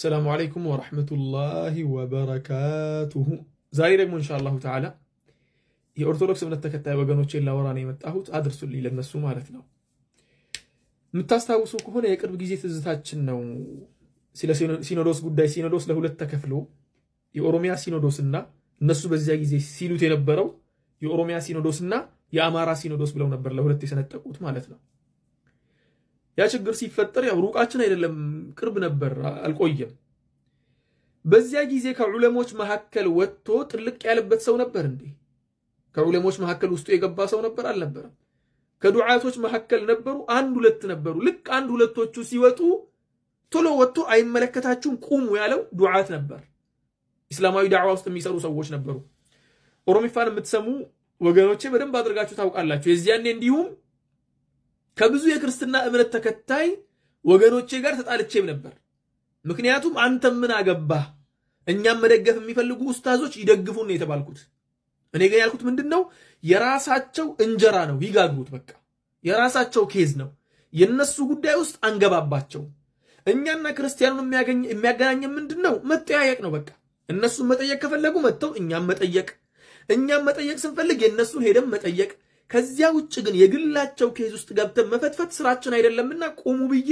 ሰላሙ ዓለይኩም ወረሕመቱላሂ ወበረካቱሁ። ዛሬ ደግሞ እንሻአላሁ ተዓላ የኦርቶዶክስ እምነት ተከታይ ወገኖቼን ላወራ ነው የመጣሁት። አድርሱልኝ ለነሱ ማለት ነው። የምታስታውሱ ከሆነ የቅርብ ጊዜ ትዝታችን ነው ስለ ሲኖዶስ ጉዳይ ሲኖዶስ ለሁለት ተከፍሎ የኦሮሚያ ሲኖዶስ እና እነሱ በዚያ ጊዜ ሲሉት የነበረው የኦሮሚያ ሲኖዶስ እና የአማራ ሲኖዶስ ብለው ነበር ለሁለት የሰነጠቁት ማለት ነው። ያ ችግር ሲፈጠር ያው ሩቃችን አይደለም ቅርብ ነበር፣ አልቆየም። በዚያ ጊዜ ከዑለሞች መካከል ወጥቶ ጥልቅ ያለበት ሰው ነበር እንዴ? ከዑለሞች መካከል ውስጡ የገባ ሰው ነበር አልነበረም? ከዱዓቶች መካከል ነበሩ፣ አንድ ሁለት ነበሩ። ልክ አንድ ሁለቶቹ ሲወጡ ቶሎ ወጥቶ አይመለከታችሁም ቁሙ ያለው ዱዓት ነበር። ኢስላማዊ ዳዕዋ ውስጥ የሚሰሩ ሰዎች ነበሩ። ኦሮሚፋን የምትሰሙ ወገኖቼ በደንብ አድርጋችሁ ታውቃላችሁ። የዚያኔ እንዲሁም ከብዙ የክርስትና እምነት ተከታይ ወገኖቼ ጋር ተጣልቼም ነበር። ምክንያቱም አንተ ምን አገባህ፣ እኛም መደገፍ የሚፈልጉ ውስታዞች ይደግፉን የተባልኩት። እኔ ግን ያልኩት ምንድን ነው፣ የራሳቸው እንጀራ ነው ይጋግሩት፣ በቃ የራሳቸው ኬዝ ነው፣ የነሱ ጉዳይ ውስጥ አንገባባቸው። እኛና ክርስቲያኑን የሚያገናኘን ምንድን ነው? መጠያየቅ ነው በቃ። እነሱን መጠየቅ ከፈለጉ መጥተው እኛም መጠየቅ፣ እኛም መጠየቅ ስንፈልግ የእነሱን ሄደን መጠየቅ ከዚያ ውጭ ግን የግላቸው ኬዝ ውስጥ ገብተን መፈትፈት ስራችን አይደለምና ቁሙ ብዬ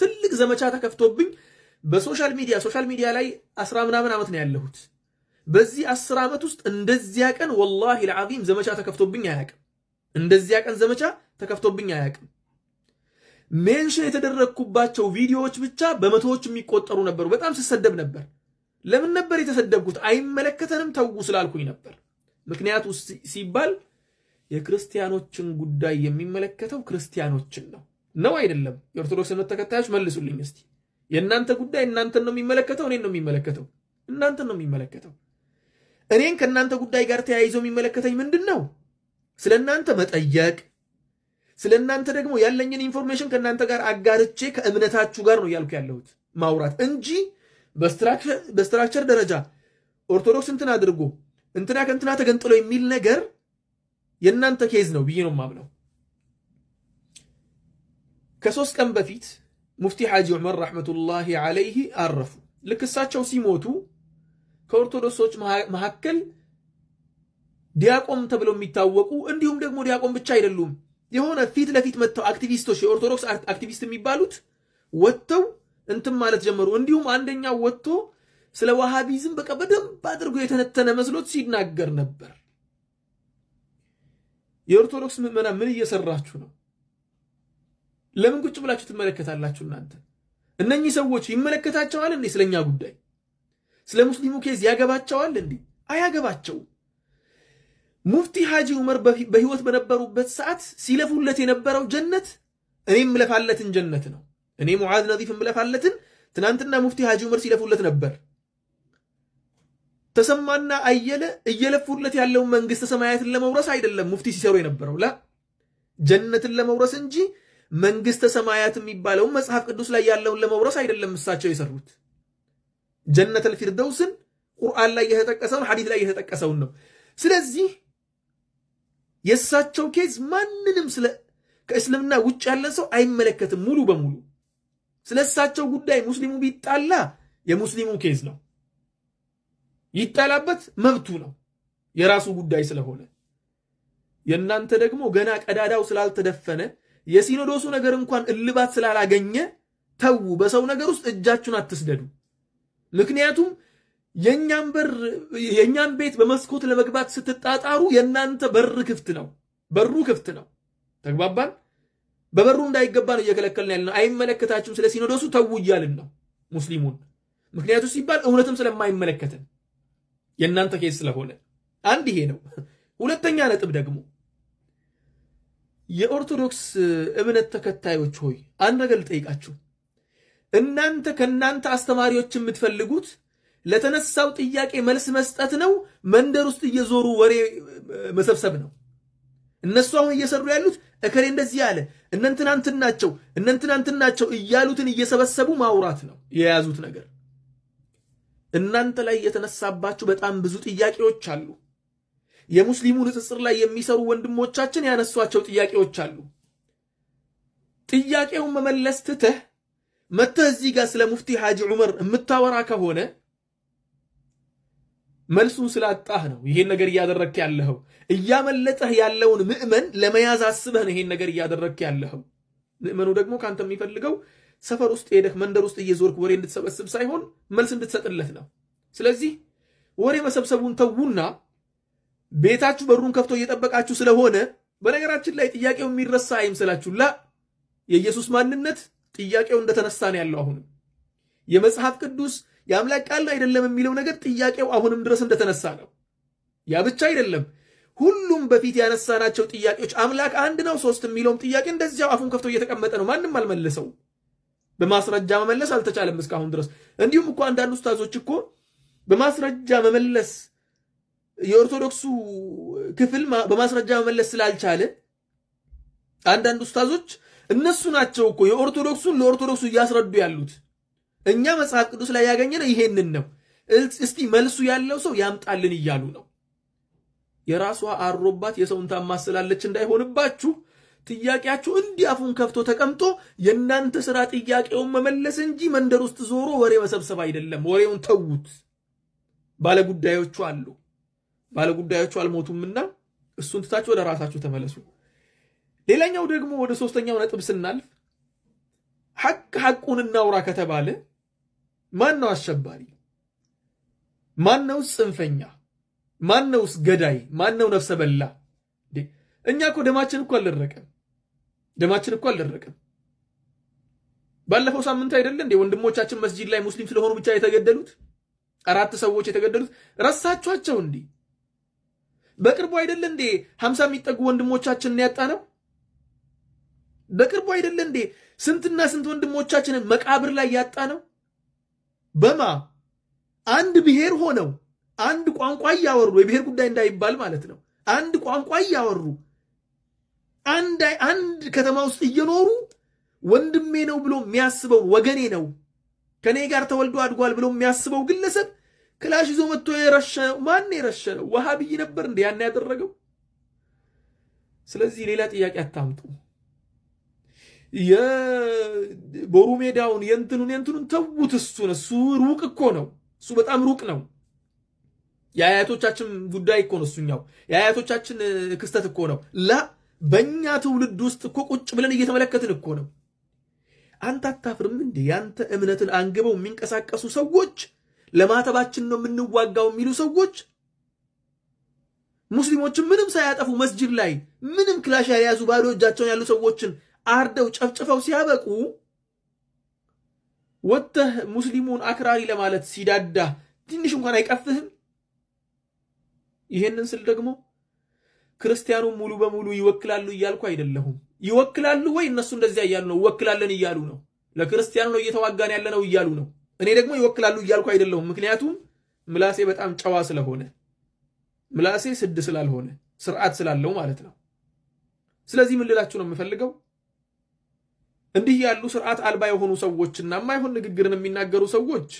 ትልቅ ዘመቻ ተከፍቶብኝ በሶሻል ሚዲያ ሶሻል ሚዲያ ላይ አስራ ምናምን ዓመት ነው ያለሁት። በዚህ አስር ዓመት ውስጥ እንደዚያ ቀን ወላሂ ለዓዚም ዘመቻ ተከፍቶብኝ አያቅም። እንደዚያ ቀን ዘመቻ ተከፍቶብኝ አያቅም። ሜንሽን የተደረግኩባቸው ቪዲዮዎች ብቻ በመቶዎች የሚቆጠሩ ነበሩ። በጣም ስሰደብ ነበር። ለምን ነበር የተሰደብኩት? አይመለከተንም ተዉ ስላልኩኝ ነበር። ምክንያቱ ሲባል የክርስቲያኖችን ጉዳይ የሚመለከተው ክርስቲያኖችን ነው ነው አይደለም? የኦርቶዶክስ እምነት ተከታዮች መልሱልኝ እስቲ። የእናንተ ጉዳይ እናንተን ነው የሚመለከተው? እኔን ነው የሚመለከተው? እናንተን ነው የሚመለከተው። እኔን ከእናንተ ጉዳይ ጋር ተያይዞ የሚመለከተኝ ምንድን ነው? ስለ እናንተ መጠየቅ፣ ስለ እናንተ ደግሞ ያለኝን ኢንፎርሜሽን ከእናንተ ጋር አጋርቼ ከእምነታችሁ ጋር ነው እያልኩ ያለሁት ማውራት እንጂ በስትራክቸር ደረጃ ኦርቶዶክስ እንትን አድርጎ እንትና ከእንትና ተገንጥሎ የሚል ነገር የእናንተ ኬዝ ነው ብዬ ነው የማምነው። ከሶስት ቀን በፊት ሙፍቲ ሐጂ ዑመር ረሕመቱላሂ ዓለይህ አረፉ። ልክ እሳቸው ሲሞቱ ከኦርቶዶክሶች መካከል ዲያቆን ተብለው የሚታወቁ እንዲሁም ደግሞ ዲያቆን ብቻ አይደሉም፣ የሆነ ፊት ለፊት መጥተው አክቲቪስቶች፣ የኦርቶዶክስ አክቲቪስት የሚባሉት ወጥተው እንትም ማለት ጀመሩ። እንዲሁም አንደኛው ወጥቶ ስለ ዋሃቢዝም በቃ በደንብ አድርጎ የተነተነ መስሎት ሲናገር ነበር። የኦርቶዶክስ ምዕመናን ምን እየሰራችሁ ነው? ለምን ቁጭ ብላችሁ ትመለከታላችሁ? እናንተ እነኚህ ሰዎች ይመለከታቸዋል እንዴ? ስለኛ ጉዳይ ስለ ሙስሊሙ ኬዝ ያገባቸዋል እንዴ? አያገባቸውም። ሙፍቲ ሐጂ ዑመር በህይወት በነበሩበት ሰዓት ሲለፉለት የነበረው ጀነት እኔም ምለፋለትን ጀነት ነው። እኔ ሙዓዝ ነዚፍ ምለፋለትን ትናንትና ሙፍቲ ሐጂ ዑመር ሲለፉለት ነበር። ተሰማና አየለ እየለፉለት ያለውን መንግስተ ሰማያትን ለመውረስ አይደለም ሙፍቲ ሲሰሩ የነበረው ላ ጀነትን ለመውረስ እንጂ መንግስተ ሰማያት የሚባለውን መጽሐፍ ቅዱስ ላይ ያለውን ለመውረስ አይደለም እሳቸው የሰሩት። ጀነት ፊርደውስን ቁርአን ላይ የተጠቀሰውን ሐዲስ ላይ የተጠቀሰውን ነው። ስለዚህ የእሳቸው ኬዝ ማንንም ስለ ከእስልምና ውጭ ያለን ሰው አይመለከትም ሙሉ በሙሉ። ስለ እሳቸው ጉዳይ ሙስሊሙ ቢጣላ የሙስሊሙ ኬዝ ነው። ይጣላበት መብቱ ነው፣ የራሱ ጉዳይ ስለሆነ የእናንተ ደግሞ ገና ቀዳዳው ስላልተደፈነ የሲኖዶሱ ነገር እንኳን እልባት ስላላገኘ ተዉ። በሰው ነገር ውስጥ እጃችሁን አትስደዱ። ምክንያቱም የእኛን በር የእኛን ቤት በመስኮት ለመግባት ስትጣጣሩ የእናንተ በር ክፍት ነው፣ በሩ ክፍት ነው። ተግባባን? በበሩ እንዳይገባ ነው እየከለከልን ያለ ነው። አይመለከታችሁም፣ ስለ ሲኖዶሱ ተዉ እያልን ነው ሙስሊሙን። ምክንያቱ ሲባል እውነትም ስለማይመለከትን የእናንተ ኬስ ስለሆነ አንድ ይሄ ነው። ሁለተኛ ነጥብ ደግሞ የኦርቶዶክስ እምነት ተከታዮች ሆይ አንድ ነገር ልጠይቃችሁ። እናንተ ከእናንተ አስተማሪዎች የምትፈልጉት ለተነሳው ጥያቄ መልስ መስጠት ነው፣ መንደር ውስጥ እየዞሩ ወሬ መሰብሰብ ነው። እነሱ አሁን እየሰሩ ያሉት እከሌ እንደዚህ አለ፣ እነንትናንትን ናቸው እነንትናንትን ናቸው እያሉትን እየሰበሰቡ ማውራት ነው የያዙት ነገር እናንተ ላይ የተነሳባችሁ በጣም ብዙ ጥያቄዎች አሉ። የሙስሊሙ ንጽጽር ላይ የሚሰሩ ወንድሞቻችን ያነሷቸው ጥያቄዎች አሉ። ጥያቄውን መመለስ ትተህ መተህ እዚህ ጋር ስለ ሙፍቲ ሐጂ ዑመር የምታወራ ከሆነ መልሱን ስላጣህ ነው ይሄን ነገር እያደረግክ ያለኸው። እያመለጠህ ያለውን ምዕመን ለመያዝ አስበህ ነው ይሄን ነገር እያደረግክ ያለኸው። ምዕመኑ ደግሞ ከአንተ የሚፈልገው ሰፈር ውስጥ ሄደህ መንደር ውስጥ እየዞርክ ወሬ እንድትሰበስብ ሳይሆን መልስ እንድትሰጥለት ነው። ስለዚህ ወሬ መሰብሰቡን ተዉና ቤታችሁ በሩን ከፍቶ እየጠበቃችሁ ስለሆነ በነገራችን ላይ ጥያቄው የሚረሳ አይምሰላችሁ። ላ የኢየሱስ ማንነት ጥያቄው እንደተነሳ ነው ያለው። አሁንም የመጽሐፍ ቅዱስ የአምላክ ቃል አይደለም የሚለው ነገር ጥያቄው አሁንም ድረስ እንደተነሳ ነው። ያ ብቻ አይደለም። ሁሉም በፊት ያነሳናቸው ጥያቄዎች አምላክ አንድ ነው ሶስት የሚለውም ጥያቄ እንደዚያው አፉን ከፍቶ እየተቀመጠ ነው። ማንም አልመለሰው። በማስረጃ መመለስ አልተቻለም እስካሁን ድረስ። እንዲሁም እኮ አንዳንድ ኡስታዞች እኮ በማስረጃ መመለስ የኦርቶዶክሱ ክፍል በማስረጃ መመለስ ስላልቻለ አንዳንድ ኡስታዞች እነሱ ናቸው እኮ የኦርቶዶክሱን ለኦርቶዶክሱ እያስረዱ ያሉት። እኛ መጽሐፍ ቅዱስ ላይ ያገኘነው ይሄንን ነው፣ እስቲ መልሱ ያለው ሰው ያምጣልን እያሉ ነው። የራሷ አሮባት የሰውን ታማስላለች እንዳይሆንባችሁ ጥያቄያችሁ እንዲህ አፉን ከፍቶ ተቀምጦ የእናንተ ስራ ጥያቄውን መመለስ እንጂ መንደር ውስጥ ዞሮ ወሬ መሰብሰብ አይደለም። ወሬውን ተዉት። ባለጉዳዮቹ አሉ፣ ባለጉዳዮቹ አልሞቱምና እሱን ትታችሁ ወደ ራሳችሁ ተመለሱ። ሌላኛው ደግሞ ወደ ሶስተኛው ነጥብ ስናልፍ ሐቅ ሐቁን እናውራ ከተባለ ማን ነው አሸባሪ? ማን ነውስ ጽንፈኛ? ማን ነውስ ገዳይ? ማን ነው ነፍሰ በላ? እኛ እኮ ደማችን እኮ አልደረቀም። ደማችን እኮ አልደረቀም። ባለፈው ሳምንት አይደለ እንዴ ወንድሞቻችን መስጂድ ላይ ሙስሊም ስለሆኑ ብቻ የተገደሉት አራት ሰዎች የተገደሉት ረሳችኋቸው? እንዴ? በቅርቡ አይደለ እንዴ ሀምሳ የሚጠጉ ወንድሞቻችንን ያጣ ነው። በቅርቡ አይደለ እንዴ ስንትና ስንት ወንድሞቻችንን መቃብር ላይ ያጣ ነው። በማ አንድ ብሔር ሆነው አንድ ቋንቋ እያወሩ የብሔር ጉዳይ እንዳይባል ማለት ነው። አንድ ቋንቋ እያወሩ አንድ ከተማ ውስጥ እየኖሩ ወንድሜ ነው ብሎ የሚያስበው ወገኔ ነው ከኔ ጋር ተወልዶ አድጓል ብሎ የሚያስበው ግለሰብ ክላሽ ይዞ መጥቶ የረሸ ማን የረሸ ነው? ወሃብይ ነበር እንደ ያን ያደረገው። ስለዚህ ሌላ ጥያቄ አታምጡ። የቦሩ ሜዳውን የእንትኑን የእንትኑን ተዉት። እሱን እሱ ሩቅ እኮ ነው። እሱ በጣም ሩቅ ነው። የአያቶቻችን ጉዳይ እኮ ነው እሱኛው። የአያቶቻችን ክስተት እኮ ነው ላ በእኛ ትውልድ ውስጥ እኮ ቁጭ ብለን እየተመለከትን እኮ ነው። አንተ አታፍርም እንዴ? ያንተ እምነትን አንግበው የሚንቀሳቀሱ ሰዎች ለማተባችን ነው የምንዋጋው የሚሉ ሰዎች ሙስሊሞችን ምንም ሳያጠፉ መስጂድ ላይ ምንም ክላሽ ያልያዙ ባዶ እጃቸውን ያሉ ሰዎችን አርደው ጨፍጭፈው ሲያበቁ ወጥተህ ሙስሊሙን አክራሪ ለማለት ሲዳዳ ትንሽ እንኳን አይቀፍህም? ይሄንን ስል ደግሞ ክርስቲያኑን ሙሉ በሙሉ ይወክላሉ እያልኩ አይደለሁም። ይወክላሉ ወይ እነሱ እንደዚያ እያሉ ነው። ይወክላለን እያሉ ነው። ለክርስቲያኑ ነው እየተዋጋን ያለ ነው እያሉ ነው። እኔ ደግሞ ይወክላሉ እያልኩ አይደለሁም። ምክንያቱም ምላሴ በጣም ጨዋ ስለሆነ ምላሴ ስድ ስላልሆነ ስርዓት ስላለው ማለት ነው። ስለዚህ ምን ልላችሁ ነው የምፈልገው እንዲህ ያሉ ስርዓት አልባ የሆኑ ሰዎችና የማይሆን ንግግርን የሚናገሩ ሰዎች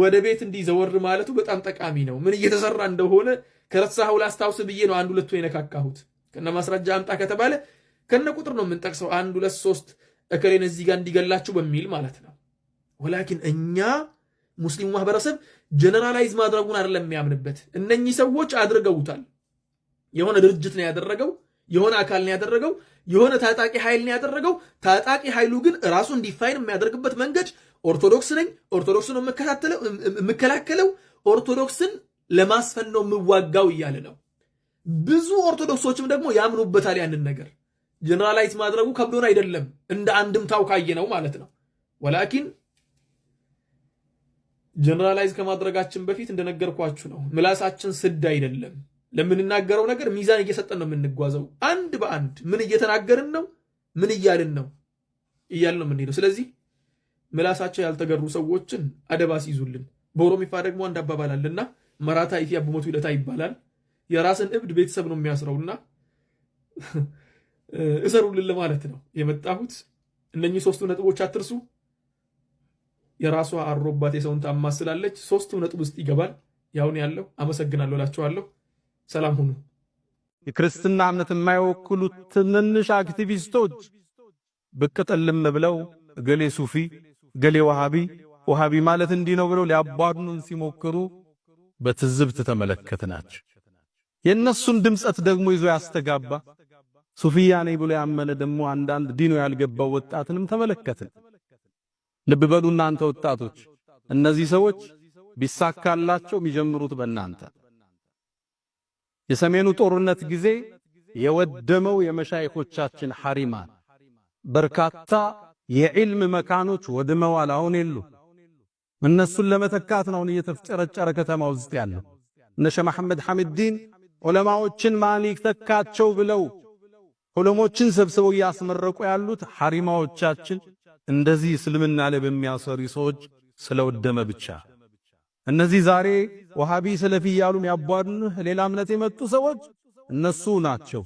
ወደ ቤት እንዲህ ዘወር ማለቱ በጣም ጠቃሚ ነው። ምን እየተሰራ እንደሆነ ከረሳኸው ላስታውስ ብዬ ነው አንድ ሁለቱ የነካካሁት። ከነ ማስረጃ አምጣ ከተባለ ከነ ቁጥር ነው የምንጠቅሰው። አንድ ሁለት ሶስት እከሌን እዚህ ጋር እንዲገላችሁ በሚል ማለት ነው። ወላኪን እኛ ሙስሊሙ ማህበረሰብ ጀነራላይዝ ማድረጉን አይደለም የሚያምንበት። እነኚህ ሰዎች አድርገውታል። የሆነ ድርጅት ነው ያደረገው፣ የሆነ አካል ነው ያደረገው፣ የሆነ ታጣቂ ኃይል ነው ያደረገው። ታጣቂ ኃይሉ ግን ራሱ እንዲፋይን የሚያደርግበት መንገድ ኦርቶዶክስ ነኝ፣ ኦርቶዶክስ ነው የምከላከለው ኦርቶዶክስን ለማስፈን ነው የምዋጋው እያለ ነው። ብዙ ኦርቶዶክሶችም ደግሞ ያምኑበታል። ያንን ነገር ጀነራላይት ማድረጉ ከብዶን አይደለም፣ እንደ አንድም ታውካየ ነው ማለት ነው። ወላኪን ጀነራላይዝ ከማድረጋችን በፊት እንደነገርኳችሁ ነው፣ ምላሳችን ስድ አይደለም። ለምንናገረው ነገር ሚዛን እየሰጠን ነው የምንጓዘው። አንድ በአንድ ምን እየተናገርን ነው፣ ምን እያልን ነው እያልን ነው የምንሄደው። ስለዚህ ምላሳቸው ያልተገሩ ሰዎችን አደባስ ይዙልን። በኦሮሚፋ ደግሞ አንድ አባባል አለና መራታ ኢቲ አቡመቱ ይለታ ይባላል። የራስን እብድ ቤተሰብ ነው የሚያስረውና እሰሩልን ለማለት ነው የመጣሁት። እነኚህ ሶስቱ ነጥቦች አትርሱ። የራሷ አሮባት የሰውን ታማስላለች። ሶስቱ ነጥብ ውስጥ ይገባል። ያሁን ያለው አመሰግናለሁ እላችኋለሁ። ሰላም ሁኑ። የክርስትና እምነት የማይወክሉ ትንንሽ አክቲቪስቶች ብቅ ጥልም ብለው እገሌ ሱፊ፣ እገሌ ወሃቢ፣ ወሃቢ ማለት እንዲህ ነው ብለው ሊያባዱንን ሲሞክሩ በትዝብት ተመለከትናቸው። የእነሱን ድምፀት ደግሞ ይዞ ያስተጋባ ሱፊያ ነኝ ብሎ ያመነ ደግሞ አንዳንድ ዲኖ ያልገባው ወጣትንም ተመለከትን። ልብ በሉ እናንተ ወጣቶች፣ እነዚህ ሰዎች ቢሳካላቸው የሚጀምሩት በእናንተ የሰሜኑ ጦርነት ጊዜ የወደመው የመሻይኮቻችን ሐሪማን በርካታ የዕልም መካኖች ወድመዋል። አሁን የሉ እነሱን ለመተካት ነው እየተፍጨረጨረ ከተማ ውስጥ ያለው። እነ ሸህ መሐመድ ሐሚድዲን ዑለማዎችን ማን ይተካቸው ብለው ዑለሞችን ሰብስበው እያስመረቁ ያሉት ሐሪማዎቻችን እንደዚህ እስልምና ላይ በሚያሰሪ ሰዎች ስለወደመ ብቻ። እነዚህ ዛሬ ወሃቢ ሰለፊ እያሉ የሚያቧድኑህ ሌላ እምነት የመጡ ሰዎች እነሱ ናቸው።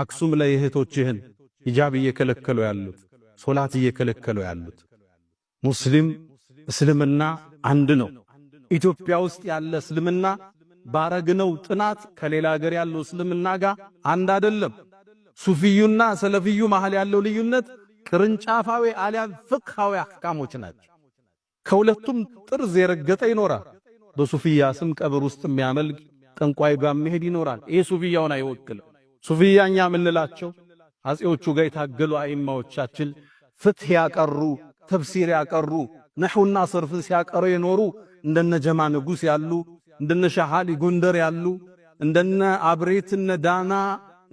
አክሱም ላይ እህቶችህን ሂጃብ እየከለከሉ ያሉት፣ ሶላት እየከለከሉ ያሉት ሙስሊም እስልምና አንድ ነው። ኢትዮጵያ ውስጥ ያለ እስልምና ባረግነው ጥናት ከሌላ ሀገር ያለው እስልምና ጋር አንድ አይደለም። ሱፊዩና ሰለፊዩ መሃል ያለው ልዩነት ቅርንጫፋዊ አሊያን ፍቅሃዊ አህካሞች ናቸው። ከሁለቱም ጥርዝ የረገጠ ይኖራል። በሱፊያ ስም ቀብር ውስጥ የሚያመልግ ጠንቋይ ጋር መሄድ ይኖራል። ይሄ ሱፊያውን አይወክልም። ሱፊያኛ የምንላቸው አጼዎቹ ጋር የታገሉ አይማዎቻችን ፍትህ ያቀሩ ተፍሲር ያቀሩ ነሕውና ሰርፍን ሲያቀሩ የኖሩ እንደነ ጀማ ንጉሥ ያሉ እንደነ ሻሃሊ ጎንደር ያሉ እንደነ አብሬት እነ ዳና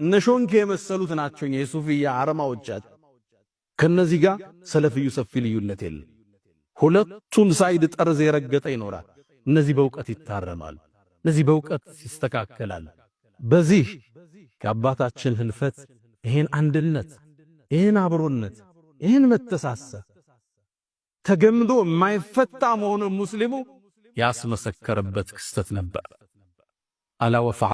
እነ ሾንኬ የመሰሉት ናቸው የሱፍያ አረማዎቻት። ከነዚህ ጋር ሰለፍዩ ሰፊ ልዩነት የለም። ሁለቱም ሳይድ ጠርዝ የረገጠ ይኖራል። እነዚህ በእውቀት ይታረማል፣ እነዚህ በእውቀት ይስተካከላል። በዚህ ከአባታችን ህልፈት ይህን አንድነት፣ ይህን አብሮነት፣ ይህን መተሳሰብ ተገምዶ የማይፈታ መሆኑን ሙስሊሙ ያስመሰከረበት ክስተት ነበር። አላ ወፈዓል